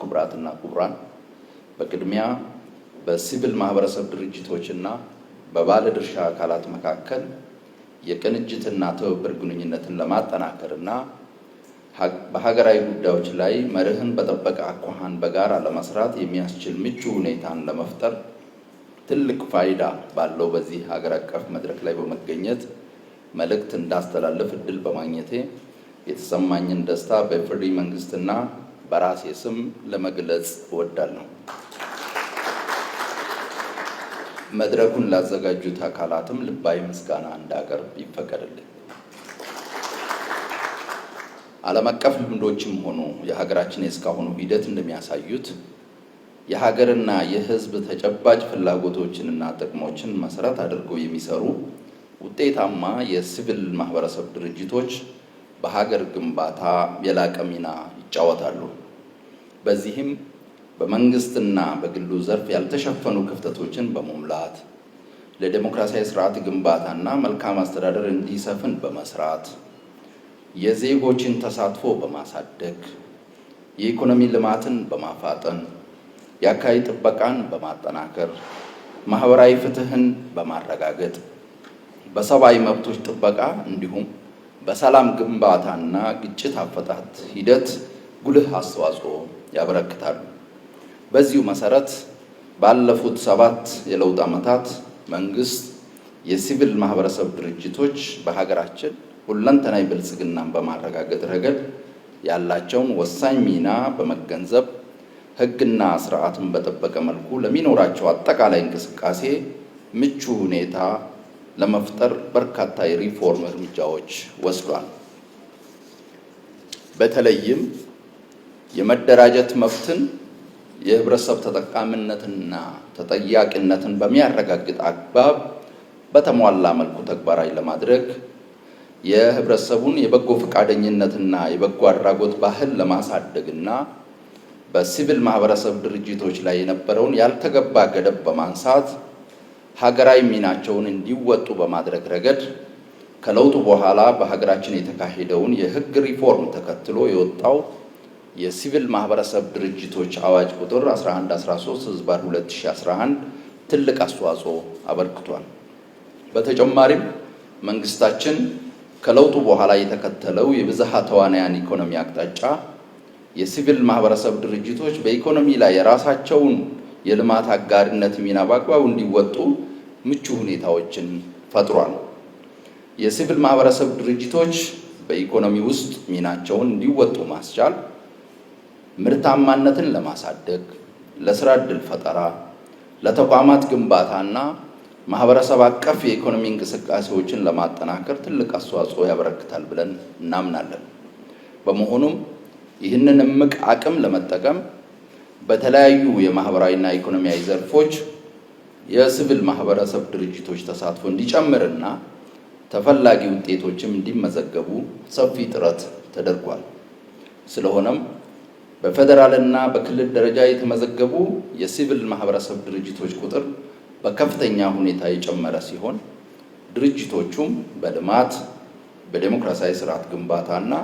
ክቡራትና ክቡራን፣ በቅድሚያ በሲቪል ማህበረሰብ ድርጅቶችና በባለድርሻ አካላት መካከል የቅንጅትና ትብብር ግንኙነትን ለማጠናከርና በሀገራዊ ጉዳዮች ላይ መርህን በጠበቀ አኳኋን በጋራ ለመስራት የሚያስችል ምቹ ሁኔታን ለመፍጠር ትልቅ ፋይዳ ባለው በዚህ ሀገር አቀፍ መድረክ ላይ በመገኘት መልእክት እንዳስተላለፍ እድል በማግኘቴ የተሰማኝን ደስታ በፍሪ መንግስትና በራሴ ስም ለመግለጽ እወዳለሁ። መድረኩን ላዘጋጁት አካላትም ልባዊ ምስጋና እንዳቀርብ ይፈቀድልኝ። ዓለም አቀፍ ልምዶችም ሆኑ የሀገራችን የእስካሁኑ ሂደት እንደሚያሳዩት የሀገርና የሕዝብ ተጨባጭ ፍላጎቶችንና ጥቅሞችን መሰረት አድርገው የሚሰሩ ውጤታማ የሲቪል ማህበረሰብ ድርጅቶች በሀገር ግንባታ የላቀ ሚና ይጫወታሉ። በዚህም በመንግስትና በግሉ ዘርፍ ያልተሸፈኑ ክፍተቶችን በመሙላት ለዴሞክራሲያዊ ስርዓት ግንባታና መልካም አስተዳደር እንዲሰፍን በመስራት የዜጎችን ተሳትፎ በማሳደግ የኢኮኖሚ ልማትን በማፋጠን የአካባቢ ጥበቃን በማጠናከር ማህበራዊ ፍትህን በማረጋገጥ በሰብአዊ መብቶች ጥበቃ እንዲሁም በሰላም ግንባታና ግጭት አፈታት ሂደት ጉልህ አስተዋጽኦ ያበረክታሉ። በዚሁ መሰረት ባለፉት ሰባት የለውጥ ዓመታት መንግስት የሲቪል ማህበረሰብ ድርጅቶች በሀገራችን ሁለንተናዊ ብልጽግናን በማረጋገጥ ረገድ ያላቸውን ወሳኝ ሚና በመገንዘብ ሕግና ስርዓትን በጠበቀ መልኩ ለሚኖራቸው አጠቃላይ እንቅስቃሴ ምቹ ሁኔታ ለመፍጠር በርካታ የሪፎርም እርምጃዎች ወስዷል። በተለይም የመደራጀት መብትን የህብረተሰብ ተጠቃሚነትና ተጠያቂነትን በሚያረጋግጥ አግባብ በተሟላ መልኩ ተግባራዊ ለማድረግ የህብረተሰቡን የበጎ ፈቃደኝነትና የበጎ አድራጎት ባህል ለማሳደግና በሲቪል ማህበረሰብ ድርጅቶች ላይ የነበረውን ያልተገባ ገደብ በማንሳት ሀገራዊ ሚናቸውን እንዲወጡ በማድረግ ረገድ ከለውጡ በኋላ በሀገራችን የተካሄደውን የህግ ሪፎርም ተከትሎ የወጣው የሲቪል ማህበረሰብ ድርጅቶች አዋጅ ቁጥር 1113 ህዝባር 2011 ትልቅ አስተዋጽኦ አበርክቷል። በተጨማሪም መንግስታችን ከለውጡ በኋላ የተከተለው የብዝሃ ተዋናያን ኢኮኖሚ አቅጣጫ የሲቪል ማህበረሰብ ድርጅቶች በኢኮኖሚ ላይ የራሳቸውን የልማት አጋርነት ሚና በአግባቡ እንዲወጡ ምቹ ሁኔታዎችን ፈጥሯል። የሲቪል ማህበረሰብ ድርጅቶች በኢኮኖሚ ውስጥ ሚናቸውን እንዲወጡ ማስቻል ምርታማነትን ለማሳደግ፣ ለስራ ዕድል ፈጠራ፣ ለተቋማት ግንባታና ማህበረሰብ አቀፍ የኢኮኖሚ እንቅስቃሴዎችን ለማጠናከር ትልቅ አስተዋጽኦ ያበረክታል ብለን እናምናለን። በመሆኑም ይህንን እምቅ አቅም ለመጠቀም በተለያዩ የማህበራዊና ኢኮኖሚያዊ ዘርፎች የሲቪል ማህበረሰብ ድርጅቶች ተሳትፎ እንዲጨምርና ተፈላጊ ውጤቶችም እንዲመዘገቡ ሰፊ ጥረት ተደርጓል። ስለሆነም በፌዴራልና በክልል ደረጃ የተመዘገቡ የሲቪል ማህበረሰብ ድርጅቶች ቁጥር በከፍተኛ ሁኔታ የጨመረ ሲሆን ድርጅቶቹም በልማት በዴሞክራሲያዊ ስርዓት ግንባታና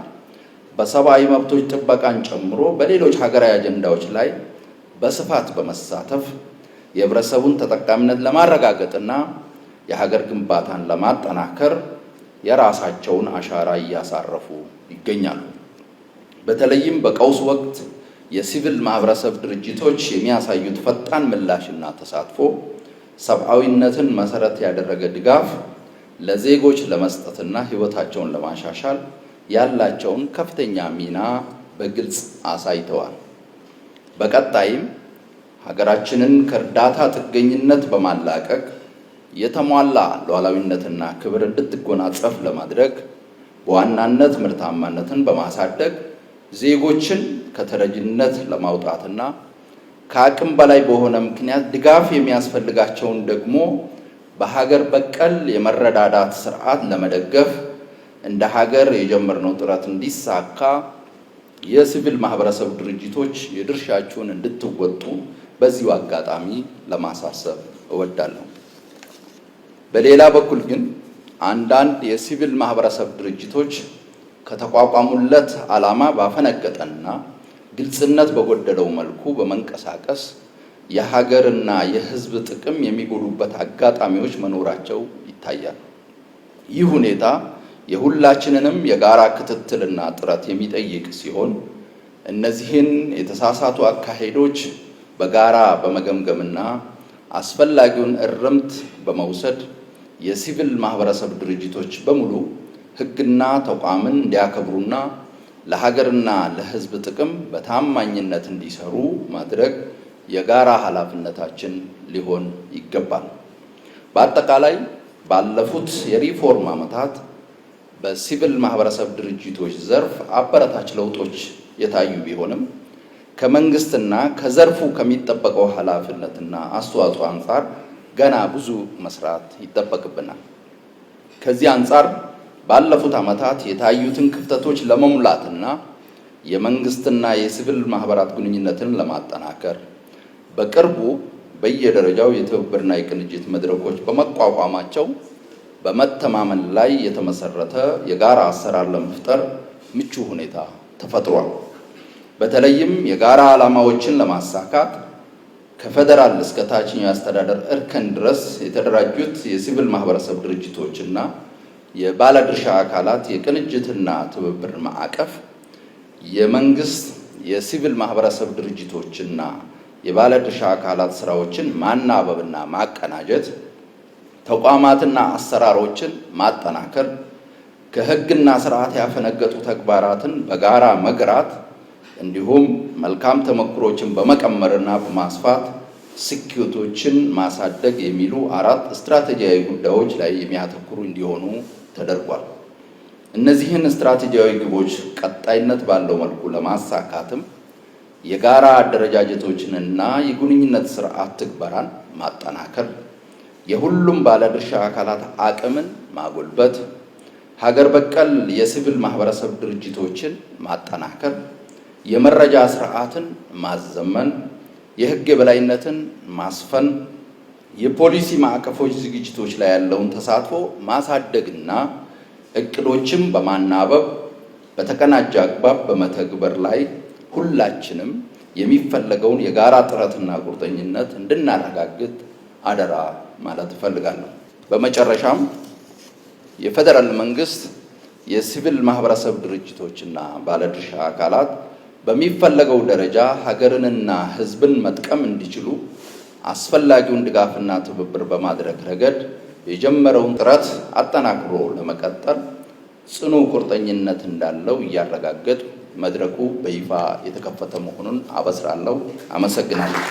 በሰብአዊ መብቶች ጥበቃን ጨምሮ በሌሎች ሀገራዊ አጀንዳዎች ላይ በስፋት በመሳተፍ የህብረተሰቡን ተጠቃሚነት ለማረጋገጥና የሀገር ግንባታን ለማጠናከር የራሳቸውን አሻራ እያሳረፉ ይገኛሉ። በተለይም በቀውስ ወቅት የሲቪል ማህበረሰብ ድርጅቶች የሚያሳዩት ፈጣን ምላሽና ተሳትፎ ሰብአዊነትን መሰረት ያደረገ ድጋፍ ለዜጎች ለመስጠትና ህይወታቸውን ለማሻሻል ያላቸውን ከፍተኛ ሚና በግልጽ አሳይተዋል። በቀጣይም ሀገራችንን ከእርዳታ ጥገኝነት በማላቀቅ የተሟላ ሉዓላዊነትና ክብር እንድትጎናጸፍ ለማድረግ በዋናነት ምርታማነትን በማሳደግ ዜጎችን ከተረጅነት ለማውጣትና ከአቅም በላይ በሆነ ምክንያት ድጋፍ የሚያስፈልጋቸውን ደግሞ በሀገር በቀል የመረዳዳት ስርዓት ለመደገፍ እንደ ሀገር የጀመርነው ጥረት እንዲሳካ የሲቪል ማህበረሰብ ድርጅቶች የድርሻችሁን እንድትወጡ በዚሁ አጋጣሚ ለማሳሰብ እወዳለሁ። በሌላ በኩል ግን አንዳንድ የሲቪል ማህበረሰብ ድርጅቶች ከተቋቋሙለት ዓላማ ባፈነገጠና ግልጽነት በጎደለው መልኩ በመንቀሳቀስ የሀገርና የሕዝብ ጥቅም የሚጎዱበት አጋጣሚዎች መኖራቸው ይታያል። ይህ ሁኔታ የሁላችንንም የጋራ ክትትልና ጥረት የሚጠይቅ ሲሆን እነዚህን የተሳሳቱ አካሄዶች በጋራ በመገምገምና አስፈላጊውን እርምት በመውሰድ የሲቪል ማህበረሰብ ድርጅቶች በሙሉ ሕግና ተቋምን እንዲያከብሩና ለሀገርና ለሕዝብ ጥቅም በታማኝነት እንዲሰሩ ማድረግ የጋራ ኃላፊነታችን ሊሆን ይገባል። በአጠቃላይ ባለፉት የሪፎርም ዓመታት በሲቪል ማህበረሰብ ድርጅቶች ዘርፍ አበረታች ለውጦች የታዩ ቢሆንም ከመንግስትና ከዘርፉ ከሚጠበቀው ኃላፊነትና አስተዋጽኦ አንጻር ገና ብዙ መስራት ይጠበቅብናል። ከዚህ አንጻር ባለፉት ዓመታት የታዩትን ክፍተቶች ለመሙላትና የመንግስትና የሲቪል ማህበራት ግንኙነትን ለማጠናከር በቅርቡ በየደረጃው የትብብርና የቅንጅት መድረኮች በመቋቋማቸው በመተማመን ላይ የተመሰረተ የጋራ አሰራር ለመፍጠር ምቹ ሁኔታ ተፈጥሯል። በተለይም የጋራ ዓላማዎችን ለማሳካት ከፌደራል እስከ ታችኛው የአስተዳደር እርከን ድረስ የተደራጁት የሲቪል ማህበረሰብ ድርጅቶችና የባለድርሻ አካላት የቅንጅትና ትብብር ማዕቀፍ የመንግስት የሲቪል ማህበረሰብ ድርጅቶችና የባለድርሻ አካላት ስራዎችን ማናበብና ማቀናጀት፣ ተቋማትና አሰራሮችን ማጠናከር፣ ከህግና ስርዓት ያፈነገጡ ተግባራትን በጋራ መግራት እንዲሁም መልካም ተሞክሮችን በመቀመርና በማስፋት ስኬቶችን ማሳደግ የሚሉ አራት ስትራቴጂያዊ ጉዳዮች ላይ የሚያተኩሩ እንዲሆኑ ተደርጓል። እነዚህን ስትራቴጂያዊ ግቦች ቀጣይነት ባለው መልኩ ለማሳካትም የጋራ አደረጃጀቶችንና የግንኙነት ስርዓት ትግበራን ማጠናከር፣ የሁሉም ባለድርሻ አካላት አቅምን ማጎልበት፣ ሀገር በቀል የሲቪል ማህበረሰብ ድርጅቶችን ማጠናከር፣ የመረጃ ስርዓትን ማዘመን፣ የህግ የበላይነትን ማስፈን የፖሊሲ ማዕቀፎች ዝግጅቶች ላይ ያለውን ተሳትፎ ማሳደግና እቅዶችን በማናበብ በተቀናጀ አግባብ በመተግበር ላይ ሁላችንም የሚፈለገውን የጋራ ጥረትና ቁርጠኝነት እንድናረጋግጥ አደራ ማለት እፈልጋለሁ። በመጨረሻም የፌደራል መንግስት፣ የሲቪል ማህበረሰብ ድርጅቶችና ባለድርሻ አካላት በሚፈለገው ደረጃ ሀገርንና ሕዝብን መጥቀም እንዲችሉ አስፈላጊውን ድጋፍና ትብብር በማድረግ ረገድ የጀመረውን ጥረት አጠናክሮ ለመቀጠል ጽኑ ቁርጠኝነት እንዳለው እያረጋገጥ መድረኩ በይፋ የተከፈተ መሆኑን አበስራለሁ። አመሰግናለሁ።